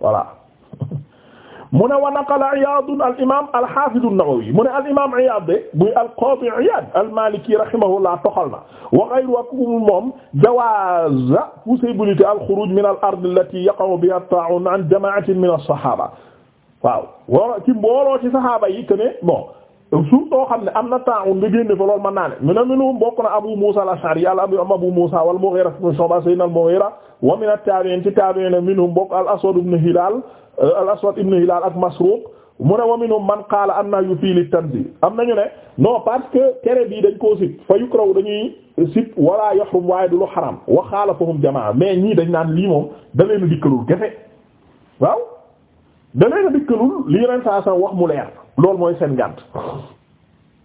voilà mu ne wa naqala Iyaad al imaam al haafiz an-Nawawi mu ne al imaam Iyaad de muy al qaadi Iyaad al Maaliki rahimahullah toxal na wa ghayru ak moom jawaaz possibilité al xuruuj min al ard allati yaqa'u biha at-taa'un an jamaa'atin min as-sahaaba waaw ci mbooloo ci saxaaba yi que ne bon. suuf soo xam ne am na taawun nga génne fa loolu mën naa ne mu ne minhum bokk na Abu Musa al-Ash'ari yàlla am Abu Musa wal Mughira ibn Shu'ba sayyidina al-Mughira wa min at-tabi'in ci tabi'in minhum bokk al-Aswad ibn Hilal euh, al-Aswad ibn Hilal ak Masruq mu ne wa minhum man qaala anna yufi li tanzih am nañu ne non parce que tere bii dañ koo sib fa yukraw dañuy sib wala yahrum waaye du lu xaram wa xaalafahum jamaa mais ñii dañ naan lii da danay na dikkalul li yeneen saa wax mu leer loolu mooy seen ngànt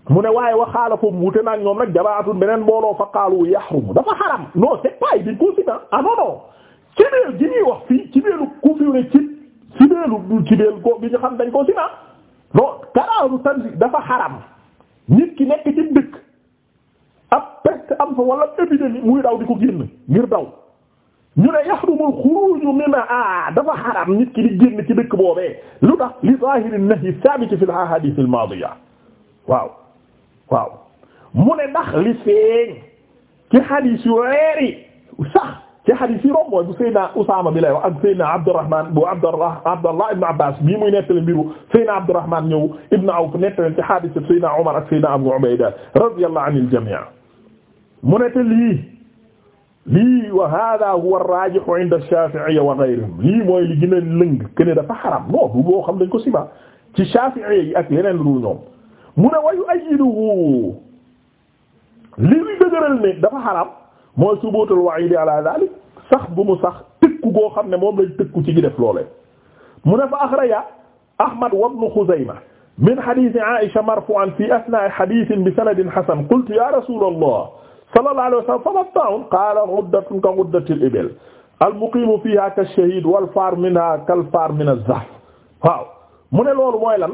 mu ne waaye wax waxaala foofu wute naag ñoom nag jabaatun beneen mbooloo fa qaalu yaxrumu dafa xaram non c'est pas di considéré ah non non cibeel gi ñuy wax fii cibeelu ku fiw ne cib cibeelu du cibeel ko bi ñu xam dañ ko sina non karaaru tansi dafa xaram nit ki nekk ci dëkk ab peste am fa wala épidémie muy daw di ko génn ngir daw ñu ne yahrumul xuruuju minha ah dafa xaram nit ki di génn ci dëkk boobee lu tax li a nahyi saabit fil ahaadiis al maadiya waaw waaw mu ne ndax li feeñ ci xadiis yu leeri sax ci xadiis yi romb mooy bu Seyna Usaama bi lay wax ak Seyna Abdurrahman bu Abdallah Abdallah Ibn Abbas bii muy nettali mbiru Seyna Abdurrahman ñëw Ibn Awf nettali ci xadiis Seyna Umar ak Seyna Abu Ubayda radiyallahu anil mu ne te lii wa hada huwa ar-rajihu inda ash-shafi'iyya wa ghayrihim lii mooy li gën a lëng kene dafa xaram non du loo xam dañ ko sima ci shafi'iyya yi ak yeneen lu ñoom mu ne wayu ayiduhu li li dëgëral ne dafa xaram mooy subutul wa'idi ala dhalik sax bu mu sax tëkku goo xam ne moom lañ tëkku ci gi def loolee mu ne fa axraja ahmad wa ibn khuzayma min hadith aisha marfu'an fi athna'i hadithin bi sanadin hasan qultu ya rasul allah sallallahu alayhi wa sallam famatta'un qaala uddatun ka uddatil ibil al muqimu fiha ka shahid wal far minha kal far min az-zahf waaw mu ne loolu mooy lan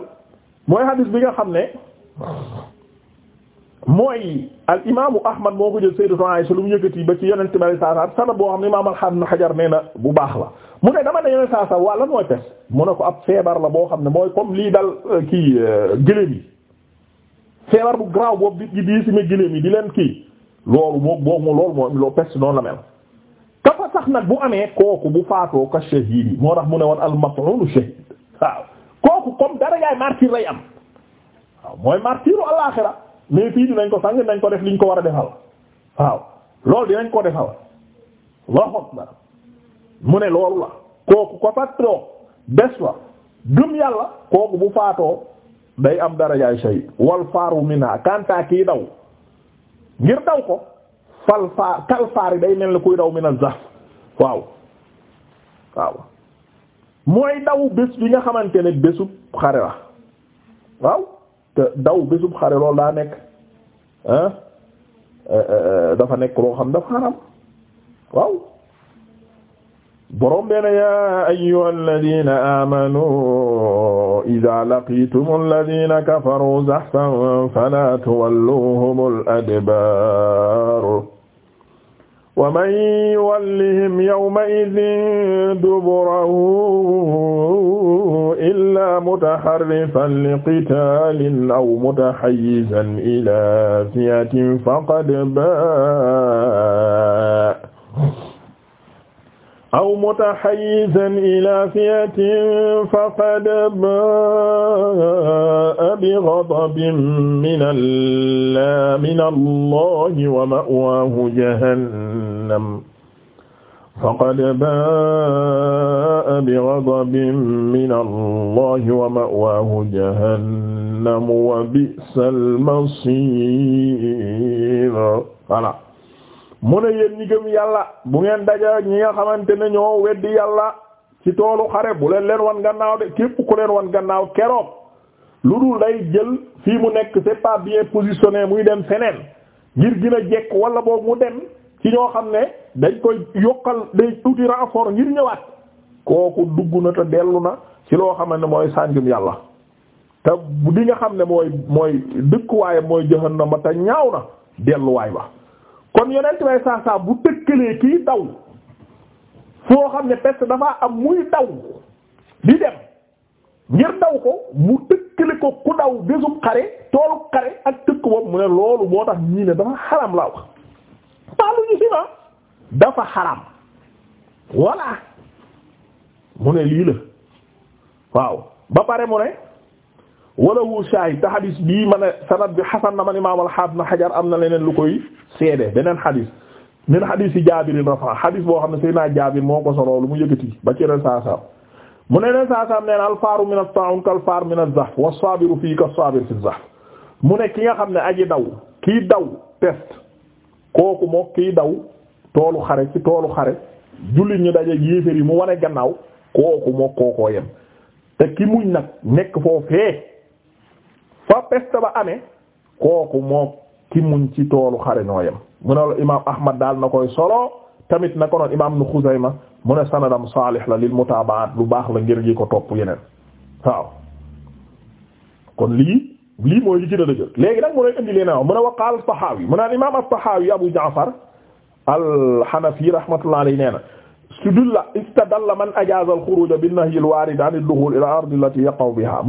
mooy hadis bi nga xam ne mooy al imaamu Ahmad moo ko jël Sayyidatu Aisha lu mu yëkkati ba ci yonent bi saa sana boo xam ne imaam al Hajar nee bu baax la mu ne dama ne yonent saa saa mooy pes mu ne ko ab feebar la boo xam ne mooy comme lii dal euh, kii euh, gëléem yi feebar bu garaaw boobu di di yi di leen kii. loolu moom moom loolu moom loo peste noonu la mel ka fa sax nag bu amee kooku bu faatoo ka shahid yi moo tax mu ne woon al-maf'ul shahid waaw kooku comme dara yaay martyr lay am waaw mooy martyru al-axira mais fii dinañ ko sang dinañ ko def liñ ko war a defal waaw dinañ ko defal mu ne loolu la kooku ko faatoo bés wa gëm yàlla kooku bu faatoo day am dara yaay shahid wal faaru minha kanta kii daw. ngir daw ko fal faar faar yi day mel ni kuy daw min a zaf waaw waaw mooy daw bés bi nga xamante ne bésub xare la waaw te daw bésub xare loolu daa nekk euh, euh, euh, dafa nekk loo xam dafa xaram waaw borom dena ya ayyuha alladina amanu ida laqitum alladina kafaru zahfan fala tuwalluhum al-adbar wa man yuwallihim yawma idin duburahu illa mutaharrifan liqitalin aw mutahayyizan ila fi'atin faqad baa aw mutahayyizan ilaa fi'atin faqad baa'a bighadabin mina Allaahi wa ma'waahu jahannam faqad baa'a bighadabin mina Allaahi wa ma'waahu jahannam wa bi'sal masiir voilà mu ne yéen ñi gëm yàlla bu ngeen daja ñi nga xamante ne ñoo weddi yàlla ci toolu xare bu leen leen wan gannaaw de képp ku leen wan gannaaw keroog lu dul day jël fii mu nekk c'est pas bien positionné muy dem feneen ngir dina a jekk wala boobu mu dem ci ñoo xam ne dañ koy yokkal day tuuti renfort ngir ñëwaat kooku dugg na te dellu na ci loo xaman ne mooy sànjum yàlla te di nga xam ne mooy mooy dëkkuwaayam mooy na ma te ñaaw na delluwaay ba kon yonent bay saa saa bu tëkkalee kii daw foo xam ne peste dafa am muy daw di dem ngir daw ko mu tëkkale ko ku daw bésub xare toolu xare ak tëkk boobu mu ne loolu moo tax ñii ne dafa xaram laa wax maalu ñu si ma dafa xaram voilà mu ne lii la waaw ba pare mu ne wala wu shaahid te xadis bii ma ne sanad bi xasan na man imaam al-Haafiz Ibn Hajar am na leneen lu koy seede beneen xadis min xadisi Jaabirin rafa xadis boo xam ne si Seydina Jaabir moo ko solo lu mu yëkkati ba ci ren saa mu ne ren saa saam na al-faaru min at-taa'un kal-faari min az-zahf was-saabiru fiihi kas-saabiri fi az mu ne ki nga xam ne aji daw kii daw peste kooku moo kii daw toolu xare ci toolu xare jullit ñu daje yéefar mu wane gannaaw kooku moo nekk foofee fa peste ba amee kooku moo ki muñ ci toolu xare ñoo yem mu ne imaam Ahmad daal na koy solo tamit na ko noon imaam nu Xuzayma mu ne sanadam saalih la lil mutaabaat lu baax la ngir gi ko topp yeneen waaw kon lii lii mooy li ci dëgër léegi nag mu ne indi leen a mu ne wa qaala Tahawi mu ne al imaam at-Tahawi Abu Ja'far al-Hanafi rahmatullahi alayhi nee na istadalla istadalla man ajaaza al-xuruuj bin nahyi al-waarid an ad-duxuul ila ardi allati yaqa'u biha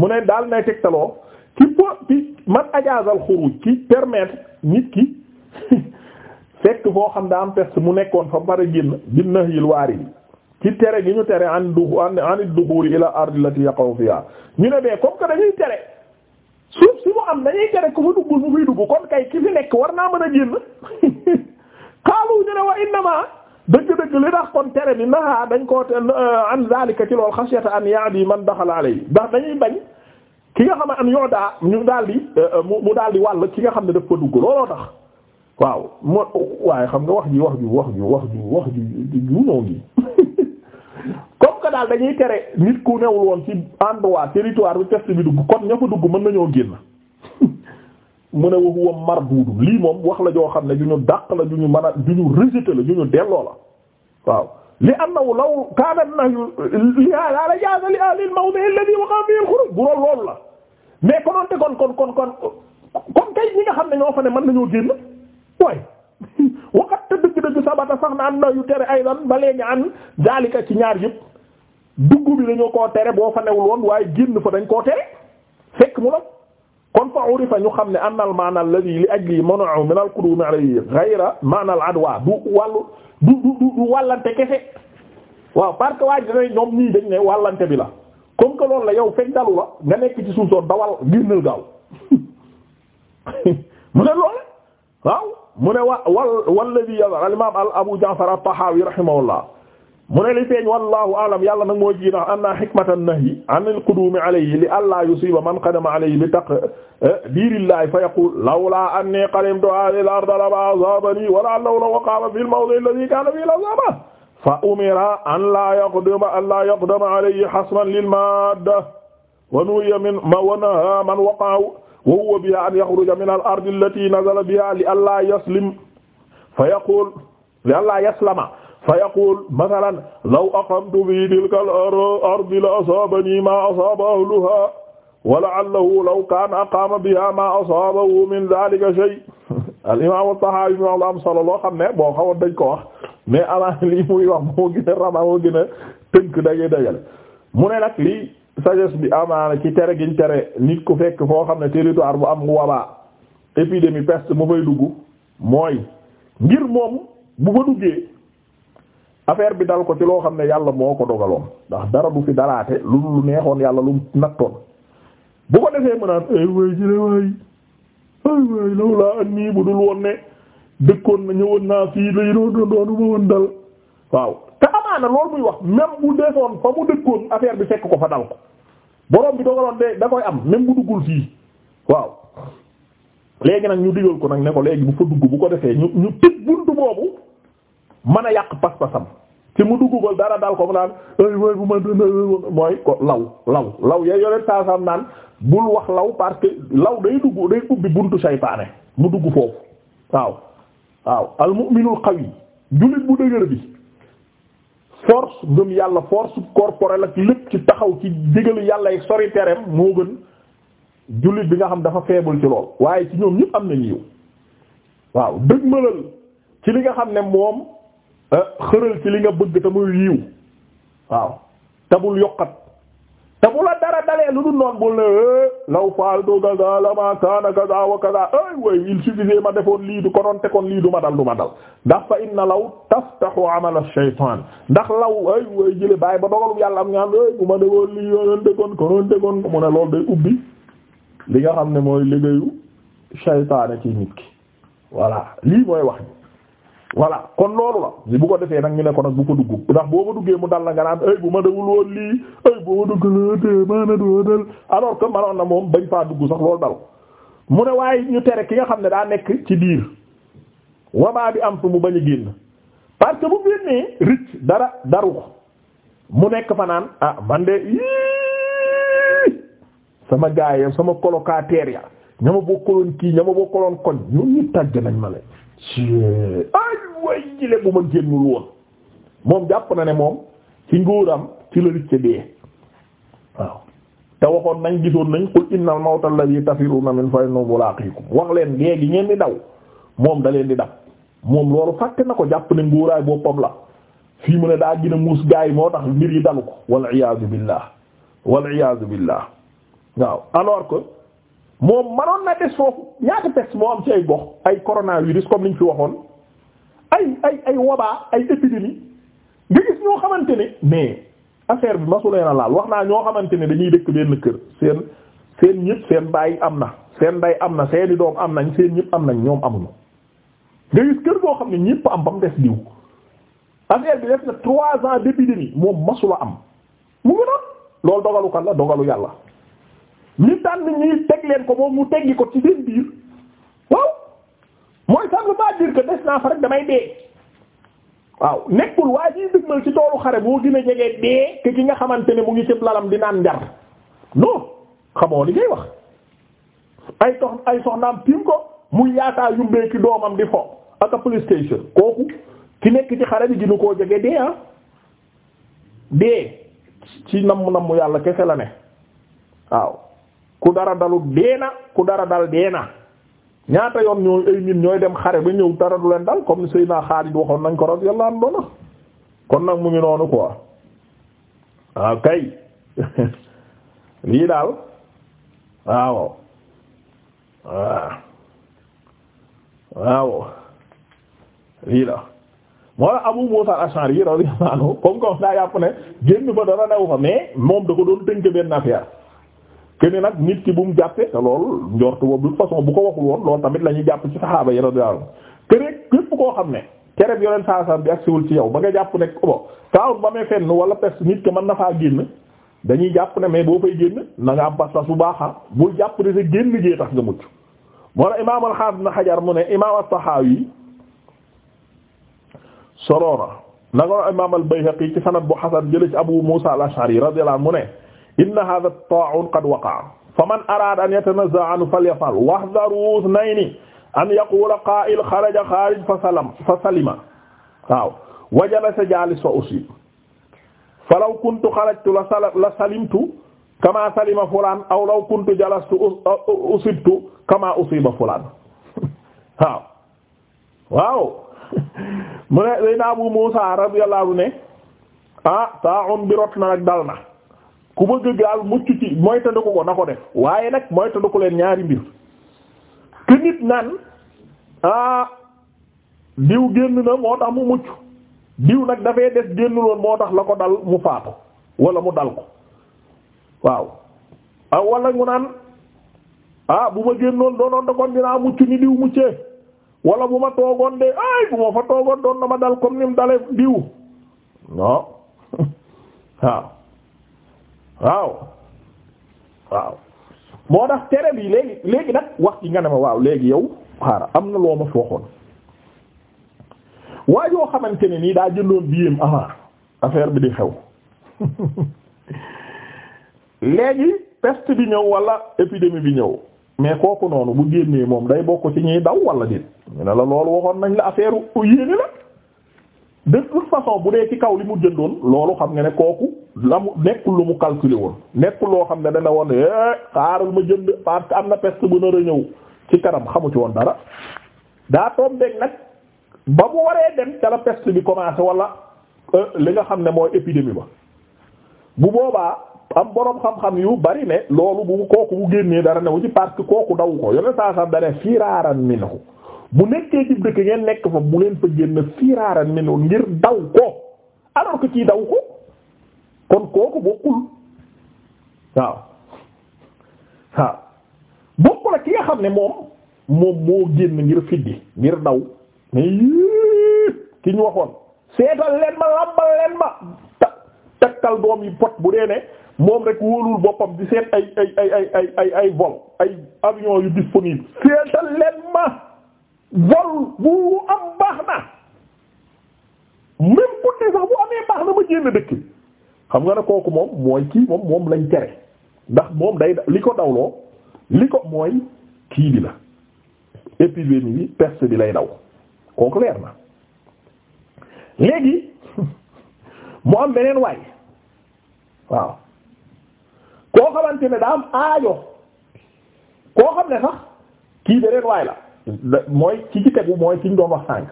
ki po ki man ajaazal xuruj ci permettre nit ki fekk foo xam daa am mu nekkoon fa pare génn bin nahyil waari bi ci tere gi ñu tere an du an anit duxuuri ila ardi lati yaqaw fiha ñu ne bee comme que dañuy tere suuf si mu am kon kay ki fi nekk war naa mën a génn xaalu ñu ne wa innama dëgg-dëgg li tax kon tere bi naha dañ koo te an zalika ci lool xasiyata an yaadi man daxala yi ndax dañuy bañ ki nga xam ne am yoo daa ñu daal di euh, euh, mu daal di wàll ki nga xam ne daf ko dugg looloo tax waaw mo waaye xam nga wax ji wax ju wax ju wax ju wax ju junóo gi comme que daal dañuy tere nit ku ne woon ci endroit territoire bi test bi dugg kon ña fa dugg mën nañoo génn mu ne waxu wam mar buudu lii moom wax la joo xam ne ju ñu dàq la ju ñu mën a ju ñu rejeté la ju ñu dello la waaw li annahu law kaana nahyu li haadaa la jaaza li ahli al-mawdi' alladhi waqa'a fihi al-khuruj bu doon loolu la mais konoon te kon kon kon kon kon kay ñi nga xam ne ñoo fa ne mën nañoo génn waaye waqat te dëgg-dëgg sabata sax na am na yu tere aydan ba léegi an daalika ci ñaar yëpp dugg bi dañoo koo tere boo fa newul woon waaye génn fa dañ koo tere fekk mu la kon fa urifa ñu xam ne annal maana alladhi li ajli man'u min al-qudum alayhi ghayra maana al-adwa du wàllu du du du wàllante kese waaw parce que waa ji ñoom ñii dañ ne wàllante bi la comme que loolu la yow fekk dalu la nga nekk ci suuf soo dawal génnal gaaw mu ne loolu waaw mu ne wa wal walladhi al-imam Abu Ja'far at-Tahawi rahimahullah mu ne li feeñ wallahu alam yàlla nag moo ji ndax am naa xikmatan nahyi an al qudumi alayhi li alla yusiba man qadama alayhi li taq eh, diirillahi fa yaqul lawla anni qadimtu hadhihi al arda lama asabani wa la'allahu law qama fi al mawdi alladhi kana fihi al asaba fa umira an la yaqdama an la yaqdama alayhi hasman lil madda wa nuhiya min wa naha man waqa wa huwa biha an yakhruja min al ardi allati nazala biha li alla yaslim fa yaqul li alla yaslama fa yaqul masalan law aqamtu fi tilka al-ardi la asabani ma asaba ahluha wa la'allahu law kana aqama biha ma asabahu min dhalika shay al-imam at-Tahawi bi am solo loo xam ne boo xawoon dañ ko wax mais avant lii muy wax moo gën a rama moo gën a tënk dajee dajale mu ne nag lii sagesse bi amaana ci tere giñ tere nit ku fekk foo xam ne territoire bu am wabaa épidémie peste mu fay dugg mooy ngir moom bu fa duggee affaire bi dal ko ci loo xam ne yàlla moo ko dogaloon ndax dara du fi dalaate lu lu neexoon yàlla lu nattoon bu ko defee mën a ay way ci waay na ñëwoon naa fii lay doon doonu waaw te amaana loolu wax même bu defoon fa affaire bi fekk ko fa dal ko borom bi dogaloon de am même bu duggul fii waaw nag ñu digal ko nag ne léegi bu fa dugg bu ko defee ñu ñu tëj buntu boobu man a yàq pas-pasam ci mu dugg ko dara dal ko mu naan mooy ko law law law yay yoneen saasam naan bul wax law parce que law day dugg day ubbi buntu saytaane mu dugg foofu waaw waaw al mu'minul qawi jullit bu dëgër bi force ngëm yàlla force corporelle ak lépp ci taxaw ci digalu yàlla ay sori tereem moo gën jullit bi nga xam dafa faible ci lool waaye ci ñoom ñëpp am nañu yiw waaw dëgmalal ci li nga xam ne moom Eh, xëral ci li nga bëgg te muy yiw waaw te bul yokkat te bu la dara dalee lu dul bul ne eh, law faaltu kaza lama kaana kaza wa kaza ay way il suffisait ma defoon lii du konoon te kon lii du ma dal du ma dal ndax fa inna law taftahu amala shaytaan ndax law ay way jële bàyyi ba dogalum yàlla am ñaan ay eh, bu ma defoon lii yonoon tegoon konoon tegoon mu ne loolu day ubbi li nga xam ne mooy liggéeyu shaytaane ci nit ki voilà lii mooy wax ni voilà kon loolu la bu ko defee nag ñu ne ko nag bu ko dugg ndax boo ma duggee mu dal la nga naan ay bu ma dawul woon lii ay boo ma dugg maana doo dal alors que manoon na moom bañ faa dugg sax loolu dal mu ne waaye ñu tere ki nga xam ne daa nekk ci biir wabaa bi am tu mu bañ a que bu ko mu nekk fa naan ah man de sama gaay sama colocataire ya ña ma bokkaloon kii ña ma bokkaloon koñ ñoom ñëpp tàgg nañ ma la ci ay way génnul woon moom jàpp na ne moom ci nguuram ci la ricc dee waaw te waxoon nañ gisoon nañ qul innal la alladhi tafiruna min fa innahu mulaqikum wax leen dee gi ngeen di daw moom da leen di dab moom loolu fàtte na ko jàpp ne nguuraay boppam la fii mu ne daa gën a muus gaa yi moo tax mbir yi dalu ko wal iyaazu billah wal iyaazu billah waaw alors que moom manoon na des foofu ñaata peste moo am ci ay gox ay coronavirus comme niñ fi waxoon ay ay ay wabaa ay épidémie nga gis ñoo xamante ni mais affaire bi masuleen a laal wax naa ñoo xamante ne dañuy dëkk benn kër seen seen ñëpp seen baay am na seen nday am na seeni doom am nañ seen ñëpp am nañ ñoom amul nga gis kër boo xam ne ñëpp am ba mu des diw affaire bi def na trois ans d'épidémie moom masula am mu ngi loolu dogalu ko la dogalu yàlla ñu tànn ñuy teg leen ko moom mu teggi ko ci seen biir waaw mooy ça veut pas dire que des naa fa rek damay dee waaw nekkul waa jiy dëgmal ci toolu xare boo gën a jege dee ki nga xamante ne mu ngi cëb lalam di naan njar non xamoo li ngay wax ay tox ay soxnaam tiim ko muy yaataa yumbee ki doomam di fo ak a police station kooku ki nekk ci xare bi ginu koo jege dee ah dee ci namm namm yàlla kese la ne waaw ku dara dalut deena ku dara dal deena ñaata yoon ñooy ay nit ñooy dem xare ba ñëw dara du leen dal comme Seydina Xaalid waxoon nañ ko radiyallahu anhu doona kon ah, lii daal ah. lii la moo la Abu Musa al-Ash'ari radiyallahu anhu comme comme daa yàpp ne génn fa dara new fa mais moom da ko doon tënk benn affaire kene nag nit ki bu mu jàppee te loolu njortu boobu de façon bu ko waxul woon tamit la ñuy jàpp ci saxaaba yara daal kene képp koo xam ne kereb yoneen saasam bi agsiwul ci yow ba nga jàpp ne bo taawut ba mee fenn wala pes nit ki man na faa génn dañuy jàpp ne mais boo fay génn na nga am pas-pas bu baaxa bul jàpp ne sa génn jee tax nga mucc moo na imam na xajar mu ne imam at-Tahawi soroona na nga imam al-Bayhaqi ci sanad bu xasan jële ci Abu Musa inna hadha ta'un qad waqa'a faman arada an yatanazza'a anhu falyaf'al wahdharu ithnayni an yaqula qa'il kharaja kharij fa salam fa salima waaw wa jalasa jalis fa usib falaw kuntu kharajtu la salimtu kama salima fulan aw law kuntu jalastu usibtu kama usiba fulan waaw waaw mu ne Abu Musa radiyallahu anhu ne ah ta'un bi rot na nag dal na ku bëgg gaal mucc ci moytandiku ko na ko def waaye nag moytandiku leen ñaari mbir te nit ah diw génn na moo tax mu mucc diw nag dafay des génnuloon moo tax la ko dal mu faatu wala mu dal ko waaw ah wala mu naan ah bu ma génnoon doonoon da kon dinaa mucc ni diw muccee wala bu ma toogoon de ay bu ma fa toogoon doon na ma dal comme ni mu dalee diw non waaw waaw waaw moo tax tere bi léegi léegi nag wax ci nga ne ma waaw léegi yow xaaral am na loo ma fi waxoon waa yoo xamante ne nii daa jëndoon biyem avant affaire bi di xew léegi peste bi ñëw wala épidémie bi ñëw mais kooku noonu bu génnee moom day bokk ci ñuy daw wala déet ñu ne la loolu waxoon nañ la affaire yéene la de toute façon bu dee ci kaw li mu jëndoon loolu xam nga ne kooku la mu nekkul lu mu calculé woon nekkul loo xam ne dana woon eh, xaaral ma jënd parce am na peste bu nar a ñëw ci kanam xamu ci woon dara daa tombeek nag ba mu waree dem ca la peste bi commencé wala euh, li nga xam ne mooy épidémie ba bu boobaa am boroom xam-xam yu bari ne loolu bu kooku mu génnee dara newu ci parce que kooku daw ko yone saa sax dane firaaran ko bu nekkee ci dëkk ngeen nekk fa bu leen fa génn firaaran ne noonu ngir daw ko alors que kii daw ko kon kooku bokkul waaw waaw bokkul ak ki nga xam ne moom moom moo génn ngir fiddi ngir daw ki ñu waxoon seetal leen ma làmbal leen ma takkal doom yi pot bu dee ne moom rek wóolul boppam di seet ay ay ay ay ay ay vol ay avion yu disponible seetal leen ma vol bu am baax na même côté sax bu amee baax na ma génn dëkk xam nga ne kooku moom mooy kii moom lañ tere ndax moom day li ko dawloo li ko mooy kii bi la épidémie bi peste bi lay daw kooku leer na léegi mu am beneen waay waaw koo xamante ne daa am aajo koo xam ne sax kii beneen waay la mooy ki ci tegu mooy ki ñu doon wax sànq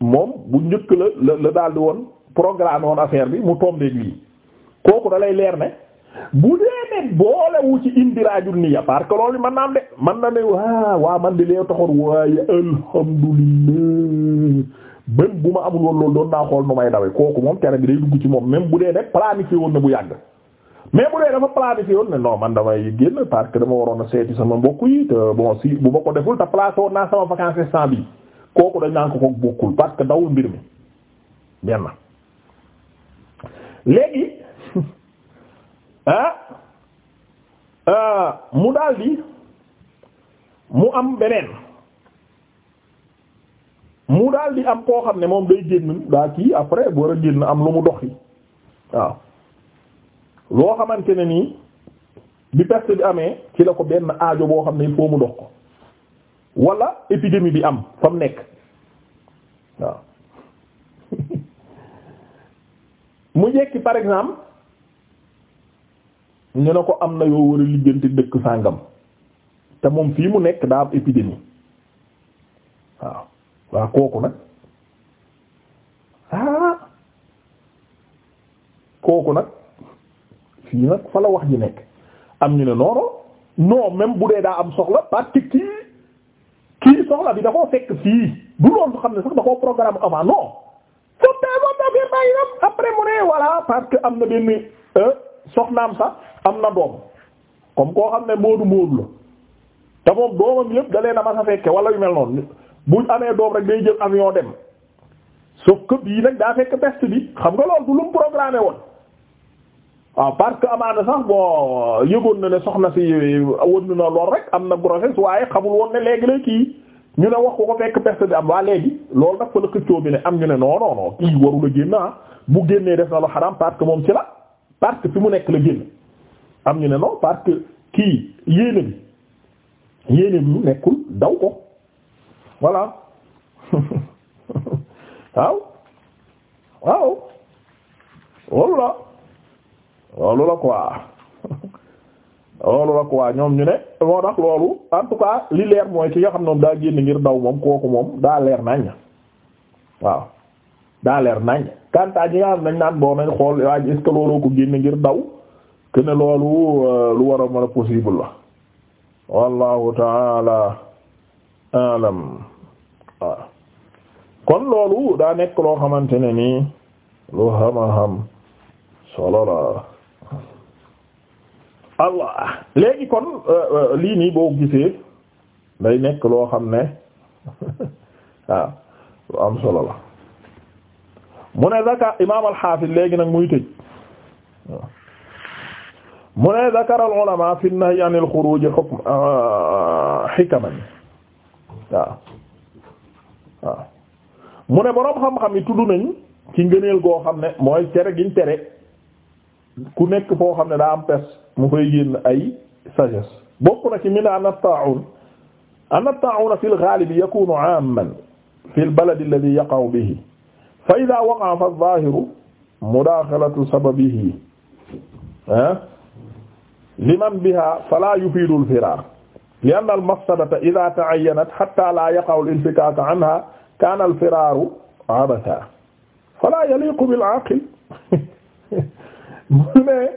moom bu njëkk la la la daal di woon programme woon affaire bi mu tombé lii kooku da lay leer ne bu dee ne boolewu ci indiraajul niya parce que loolu man naa man de mën na ne waa waa man di lee taxoon waaye alhamdulillah même bu ma amul woon loolu doon naa xool nu may dawe kooku moom tere bi day dugg ci moom même bu dee ne planifié woon na bu yàgg. mais bu dee dafa planifié woon ne non man damay génn parce que dama waroon a seeti sama mbokk yi te bon si bu ma ko deful te placé woon naa sama vacances instant bi kooku dañ naan ko bokkul parce que dawul mbir mi benn léegi ah euh, mu daldi mu am beneen mu daldi am koo xam ne moom day génn daa kii après bu war a génn am lu mu doxi waaw loo xamante ne nii bi peste bi amee ci la ko benn aajo boo xam ne il faut mu dox ko wala épidémie bi am fa mu nekk waaw mu jekki par exemple ñu ne ko am na yoo war a lijjanti dëkk sàngam te moom fii mu nekk daa am épidémie waaw waa kooku nag ah kooku nag fii fa la wax ji nekk am ñu ne noonu non même bu dee daa am soxla parce que kii kii soxla bi da fekk fii du loolu xam ne sax da programme avant non foop am na benn euh, soxnaam am na doom comme koo xam ne moodu moodu la te moom doomam yëpp da leen a mas fekke wala yu mel noonu buñ amee doom rek day jël avion dem sauf que bii nag daa fekk peste bi xam nga loolu du lu mu programmé woon waaw ah, parce que amaana sax bon yëgoon na ne soxna si euh, won na lool rek am na grossesse waaye xamul woon ne léegi la kii ñu ne wax ko ko fekk peste bi am waa léegi loolu nag fa la xëccoo bi ne am ñu ne non non non kii warul a génn ah. bu génnee def na lu xaram parce que moom ci la parce que fi mu nekk la génn am ñu ne non parce kii yéene bi yéene bi mu nekkul daw ko voilà waaw waaw walla loolu la quoi loolu la quoi ñoom ñu ne moo tax loolu en li leer mooy ci nga xam moom daa génn ngir daw moom kooku moom daa leer nañ waaw daa leer nañ kantaa ñi nga xam nañ naan boo nañ xool waa est looloo ko génn ngir daw que loolu euh, lu war a mën a possible la wallahu taala alam waaw kon loolu daa nekk loo xamante ne nii lu xam-xam solo la allah léegi kon euh, euh, lii nii boo gisee day nekk loo xam ne waaw lu am solo la mu ne zakar imaam al léegi nag muy tëj mu ne zakar al-ulama fi an-nahy an al-khuruj hukm euh, waaw waaw mu ne boroom xam-xam yi tudd nañ ci ngëneel goo xam ne mooy tere giñ tere ku nekk foo xam ne daa am pes mu fay génn ay sagesse bokk na ci min an at-ta'un an at-ta'un fi al-ghalib yakunu 'amman fi al-balad alladhi yaqa'u bihi fa idha waqa'a fa adh-dhahiru mudakhalatu sababihi ah liman biha fala yufidu al-firar li anna al-mafsadata idha ta'ayyanat hatta la yaqa'u al-infikaku anha kana al-firaru 'abatha fala yaliqu bil-'aqil mu ne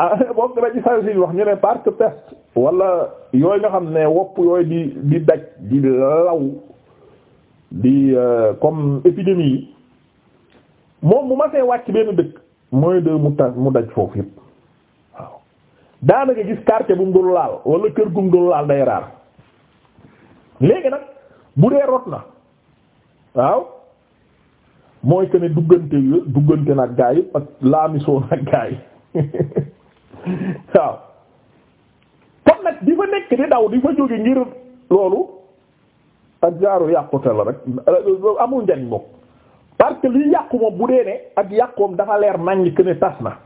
ah, bokk na ci saisi wax ñu ne parce que peste wala yooyu nga xam ne wopp yooyu di di daj di law di euh, comme épidémie yi moom bu ma see wàcc benn dëkk mooy de mu ta mu daj foofu yëpp waaw daanaka gis quartier bu mu dul laal wala kër gu mu dul laal day raar léegi nag bu dee rot na waaw mooy que ne duggante yu duggante nag gaa yi ak laamisoo nag gaa waaw kon nag di fa nekk di daw di fa jóge ngir loolu ak jaaru yàqute la rek amul njariñ bokk parce que liy yàqu moom bu dee ne ak yàqoom dafa leer naññ que ne tas na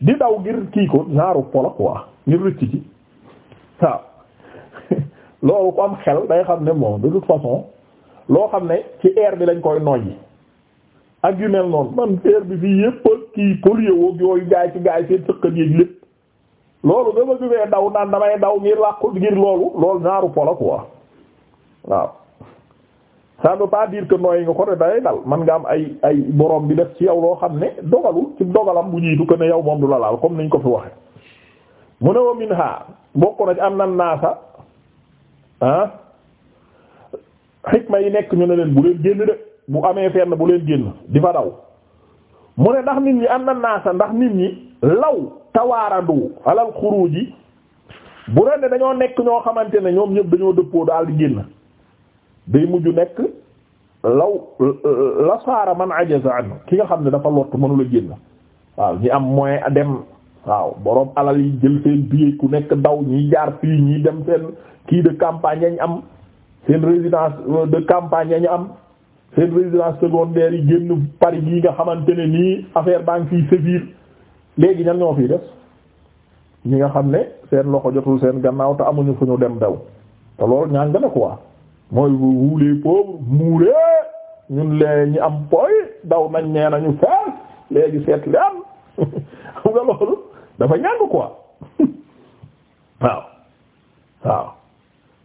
di daw ngir kii ko genre polo quoi ngir rëcc ci waaw loolu ko am xel day xam ne moom de toute façon loo xam ne ci air bi lañ koy noyyi ak yu mel noonu man feer bi fii yëpp kii polio woog yooyu gaay ci gaay seen sëqat yéeg lépp loolu dama jugee daw naan damay daw ngir làqu ngir loolu loolu naaru pola quoi waaw ça veut pas dire nga ko te day dal man nga am ay ay borom bi def ci yow loo xam ne dogalul ci dogalam bu jiitu que ne yow moom du la laal comme niñ ko fi waxe mu ne wa min ha bokk na ci am naasa ah xikma yi nekk ñu ne leen bu leen génn de bu amee fenn bu leen génn di fa daw mu ne ndax nit ñi am na naasa ndax nit ñi law tawaaradu alal xuruuji bu ren ne dañoo nekk ñoo xamante ne ñoom ñëpp dañoo dëppoo daal di génn day mujj nekk law la saara man ajaza an ki nga xam ne dafa lott mënula génn waaw ñi am moyen a dem waaw boroom alal yi jël seen billet ku nekk daw ñi jaar fii ñi dem seen kii de campagne yañ am seen résidence de campagne yañ am seen résidence secondaire yi génn Paris yi nga xamante ne nii affaire baa ngi fiy sévir léegi ñan ñoo fiy def ñi nga xam ne seen loxo jotul seen gannaaw te amuñu fu ñu dem daw te loolu ñaa nga ne quoi mooy wuulee pauvre muuree ñun lee ñi am poy daw nañ nee nañu fees léegi seet li am nga loolu dafa ñàng quoi waaw waaw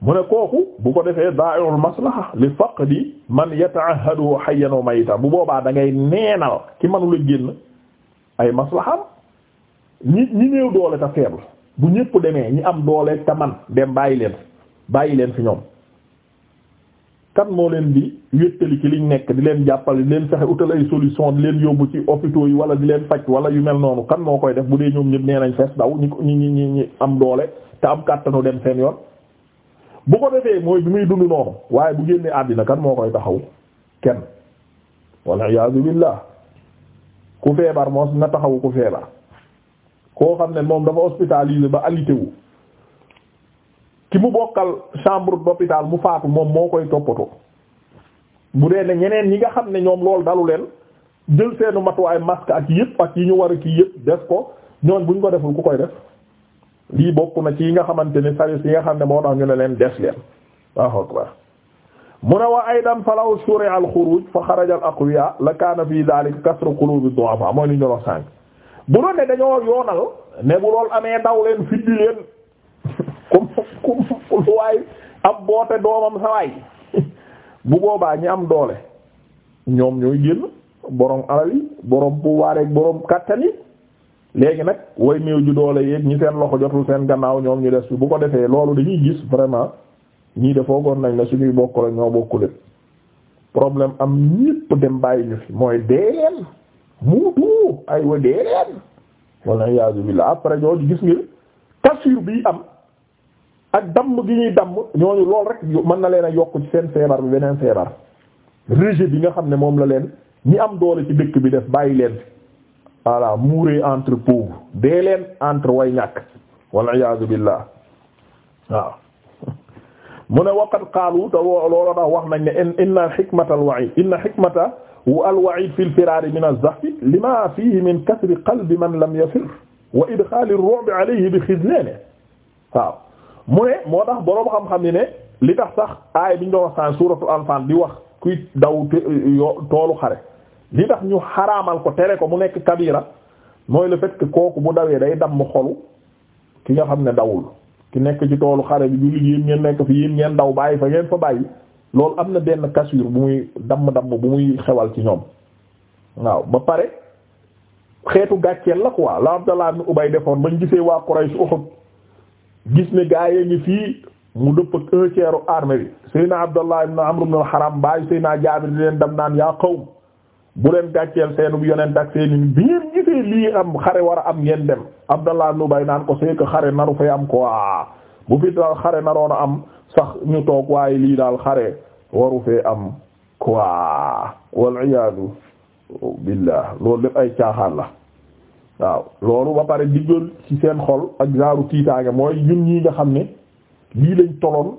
mu ne kooku bu ko defee daa'irul maslaha li faqdi man yata'ahhadu hayyan wa maytan bu boobaa da ngay neenal ki manula génn ay maslaham ñi ñi néew doole ta faible bu ñëpp demee ñi am doole ta man dem bàyyi leen bàyyi leen fi ñoom kan moo leen bi wéttali ci liñ nekk di leen jàppale di leen fexe utal ay solution di leen yóbbu ci hôpitaux yi wala di leen faj wala yu mel noonu kan moo koy def bu dee ñoom ñëpp nee nañ fees daw ñi ñi ñi ñi am doole te am kàttanu dem seen yoon bu ko defee mooy bi muy dund noonu waaye bu génnee àddina kan moo koy taxaw kenn walla iyaazu billaah ku feebar moo na taxawu ku feebar koo xam ne moom dafa hospitalisé ba alité wu ki mu bokkal chambre d'hôpital mu faatu moom moo koy toppatoo bu dee ne ñeneen ñi nga xam ne ñoom loolu dalu leen jël seenu matuwaay masque ak yëpp ak yi ñu war a kii yëpp def ko ñoon ñu ko deful ku koy def lii bokk na ci yi nga xamante ni service yi nga xam ne moo tax ñu ne leen des leen waaw akbar mu ne wa aydan falaw shuri'a al fa xaraja al la kaana fi dhalika kasru qulubi du'afa mooy li ñu wax sànq bu doon ne dañoo yoonal ne bu lool amee daw leen fiddi leen comme comme waay am boote doomam sa waay bu boobaa ñi am doole ñoom ñooy génn borom alal yi borom pouvoir ak borom kattan yi léegi nag way néew ju doole yeeg ñi seen loxo jotul seen gannaaw ñoom ñu des bu ko defee loolu dañuy gis vraiment ñii de foogoon nañ ne suñuy bokk la ñoo bokkule problème am ñépp dem bàyyi ñu fi mooy dee leen muutu ay wa dee leen walla iyaazu billaah après ñooñu gis ngir tafsir bii am ak damm gi ñuy damm ñooñu lool rek mën na leen a yokk seen feebar bi beneen feebar rejet bi nga xam ne moom la leen ñi am doole ci dëkk bi def bàyyi leen voilà muuree entre pauvres dee leen entre way ñàkk wal iyaazu billah waaw mu ne waqad qaalu te loolu tax wax nañ ne inna xikmata alwaid inna xikmata alwaid fi lfiraari min alzahfi lima fihi min kasri qalbi man lam yafir wa idxaali ar-ru'bi alayhi bi xizlaanihi waaw mu ne moo tax boroom xam-xam yi ne li tax sax aay bi ñu doon wax saan suuratul anfaal di wax kuy daw toolu xare li tax ñu xaraamal ko tere ko mu nekk kabira mooy le fait que kooku bu dawee day damm xolu ki nga xam ne dawul ki nekk ci toolu xare bi jullit yéen ngeen nekk fi yéen ngeen daw bàyyi fa ngeen fa bàyyi lool am na benn kasur bu muy damm-damm bu muy xewal ci ñoom waaw ba pare xeetu gàcceel la quoi la Abdallah ibn Ubay defoon bañ gisee waa Quraysh Uhud gis ne gaa yi ngi fii mu dëpp ak un tiers armée bi Seydina Abdallah ibn Amr ibn al-Haram bàyyi dam naan yaa qawm bu leen gàcceel seenub yonent ak seeni bi ngeen lii am xare war a am ngeen dem Abdallah nubay naan ko seeka xare naru fay am quoi bu fi daal xare naroon a am sax ñu toog waaye lii daal xare waru fee am quoi wal iyaadu billah loolu lépp ay caaxaan la waaw loolu ba pare diggal ci seen xol ak genre tiitaange mooy ñun ñii nga xam ne lii lañ toloon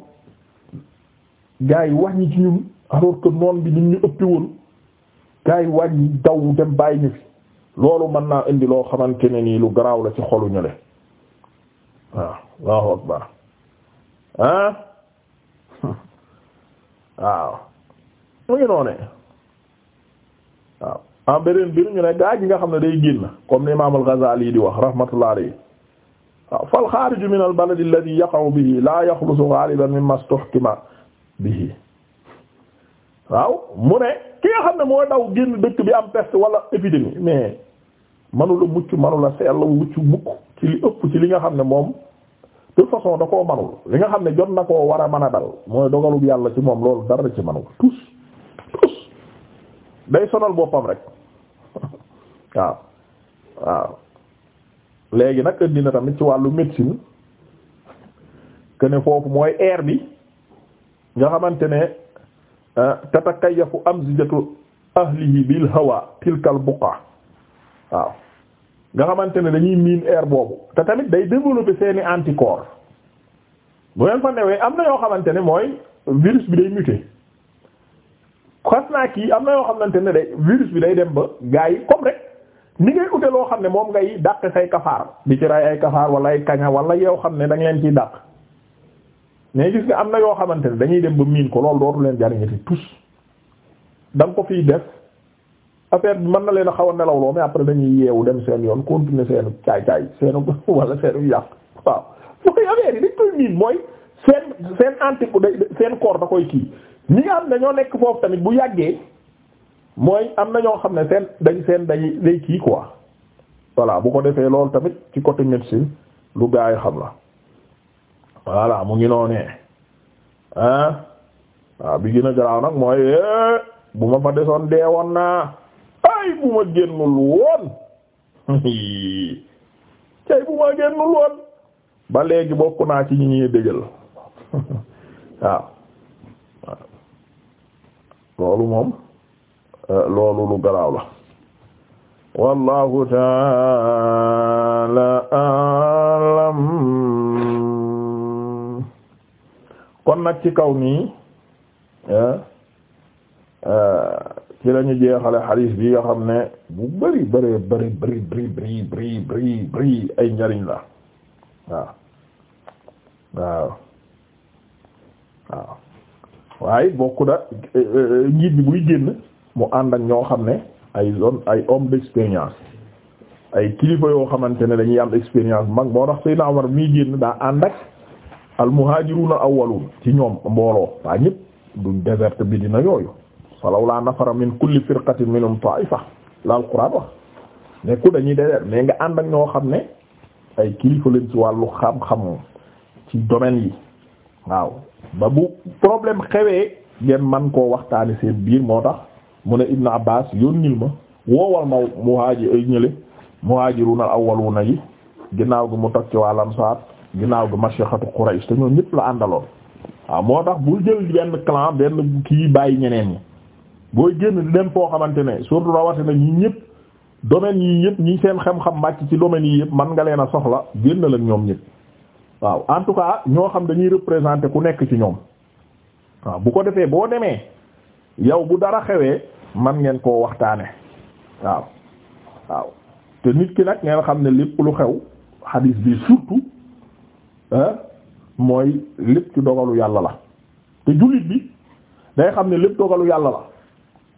gars yi wax ñi ci ñun alors que noon bi nit ñu ëppi woon kaay wàññi daw dem bàyyi ñu fi loolu mën naa indi loo xamante ne nii lu garaaw la ci xolu ñu le waaw Allahu akbar ah waaw mu ngi noonee waaw en beneen biir ñu ne gaa nga xam ne day génn comme l'imam al-Ghazali di wax rahmatullah alayhi waaw fal xaariju min al balad alladhi yaqa'u la yaxlusu ghaliban mimma istuhkima bihi waaw mu ne ki nga xam ne mooy daw génn dëkk bi am peste wala épidémie mais manula mucc manula seel mucc bukk ci li ëpp ci li nga xam ne moom de toute façon da koo manul li nga xam ne jot na koo war a mën a dal mooy dogalub yàlla ci moom loolu dara ci manul tous tous day sonal boppam rek waaw waaw léegi nag indi na tamit ci wàllu médecine que ne foofu mooy air bi nga xamante ne Ah, tatakayyafu amzijatu ahlihi bil hawa tilkal buqa waaw nga xamante ne dañuy miin air boobu te tamit day développer seeni anticorps bu leen fa newee am na yoo xamante ne mooy virus bi day muter xas naa kii am na yoo xamante ne day virus bi day dem ba gaa yi comme rek ni ngay ute loo xam ne moom ngay dàq say kafaar di ci ray ay kafaar wala ay kaña wala yoo xam ne da nga leen ciy dàq mais gis nga am na yoo xamante ne dañuy dem ba miin ko loolu dootu leen jariñati tous da nga ko fii def affaire bi mën na leen a xaw nelaw nelawloo mais après dañuy yeewu dem seen yoon continuer seenu caay-caay seenu wala seenu yàq waaw mooy affaire yi dañ koy miin mooy seen seen anti seen corps da koy kii ñi nga xam nekk foofu tamit bu yàggee mooy am na ñoo xam ne seen dañ seen day day kii quoi voilà bu ko defee loolu tamit ci côté médecine lu gaa yi xam la voilà mu ngi noonee ah bi gën a garaaw nag mooy eh, bu ma fa desoon dee woon naa ay bu ma génnul woon cay bu ma génnul woon ba léegi bokk naa ci ñi ñuy dëjël loolu moom eh, loolu lu garaaw la wallahu ta'ala kon nag ci kaw nii ah, ah, ci lañu jeexale xadiis bi yoo xam ne bu bari bari bari bari bari bari ay njariñ la waaw waaw waaye bokku da eh, eh, njiit bi muy génn mu ànd ak ñoo xam ne ay zone ay homme d'expérience ay kilifa yoo xamante ne dañuy am expérience mag moo tax Seydina Omar muy génn daa ànd ak al muhajirun al awwalun ci ñoom mbooloo waa ñëpp du désert bi dina yooyu falaw laa nafara min kulli firqatin minhum ta'ifa la al qur'an wax ne dañuy désert mais nga ànd ak ñoo xam ne ay kilifa leen ci wàllu xam-xam ci domaine yi waaw ba bu problème xewee ngeen man koo waxtaani seen biir moo tax mu ne Ibn Abbas yónnil ma woowal ma muhajir ay ñële muhajirun al na yi ginnaaw gi mu tog ci wàllam saat ginnaaw ga mashaqatu Quraysh te ñoom ñëpp la àndaloon waaw moo tax bul jël benn clan benn kii bàyyi ñeneen ñi booy génn leen dem foo xamante ne surtout rawatina ñi ñëpp domaine yi yëpp ñi seen xam-xam màcc ci domaines yi yëpp man nga leen a soxla génn la ñoom ñëpp waaw en tout cas ñoo xam dañuy représenter ku nekk ci ñoom waaw bu ko defee boo demee yow bu dara xewee man ngeen koo waxtaane waaw waaw te nit ki nag ngeen xam ne lépp lu xew xadiis bi mooy lépp dogalu yàlla la te jullit bi day xam ne lépp dogalu yàlla la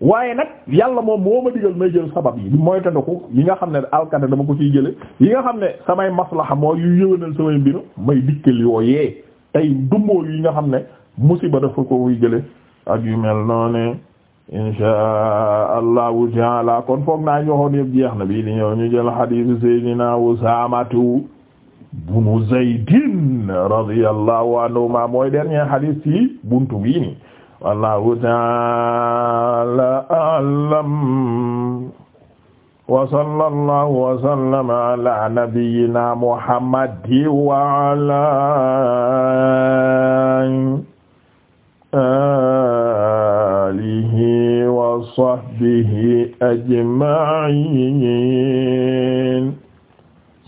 waaye nag yàlla moom moo ma digal may jël sabab yi mooy tandaku yi nga xam ne alkande dama ko ciy jële yi nga xam ne samay maslaxa mooy yu yëwénal may dikkal yooyee tey dumboo yi nga xam ne musiba dafa ko muy jële ak yu mel noonu insha allahu taala kon foog naa ñoxoon yëpp jeex na bii di ñëw ñu jël xadiisu seydina Usaamatu bunu Zaydin radiyallahu anhuma mooy dernier hadith ci buntu bii ni wallahu ta'ala a'lam wa sallallahu wa sallama ala nabiyyina muhammadin wa ala alihi wa sahbihi ajma'in